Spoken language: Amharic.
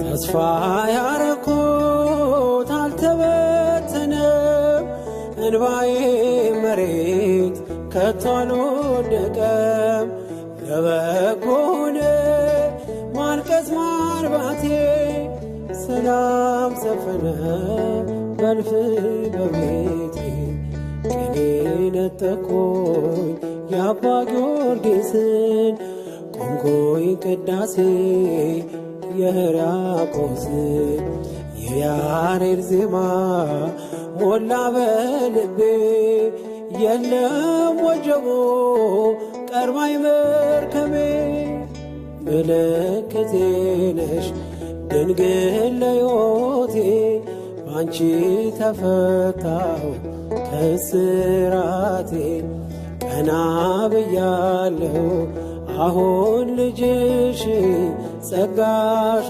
ተስፋ ያረኩት አልተበተነም እንባዬ መሬት ከቶ አልወደቀም። ለበጎ ሆነ ማልቀስ ማልባቴ ሰላም ሰፈነ በልፍ በቤቴ ቅኔ ነጠቆኝ የአባ ጊዮርጊስን ጠንኮይ ቅዳሴ የሕርያቆስ የያሬድ ዜማ ሞላ በልቤ የለም ወጀቦ ቀርባይ መርከሜ ምልክቴ ነሽ ድንግል ለዮቴ ባንቺ ተፈታው ከስራቴ ቀና ብያለሁ አሁን ልጅሽ ጸጋሽ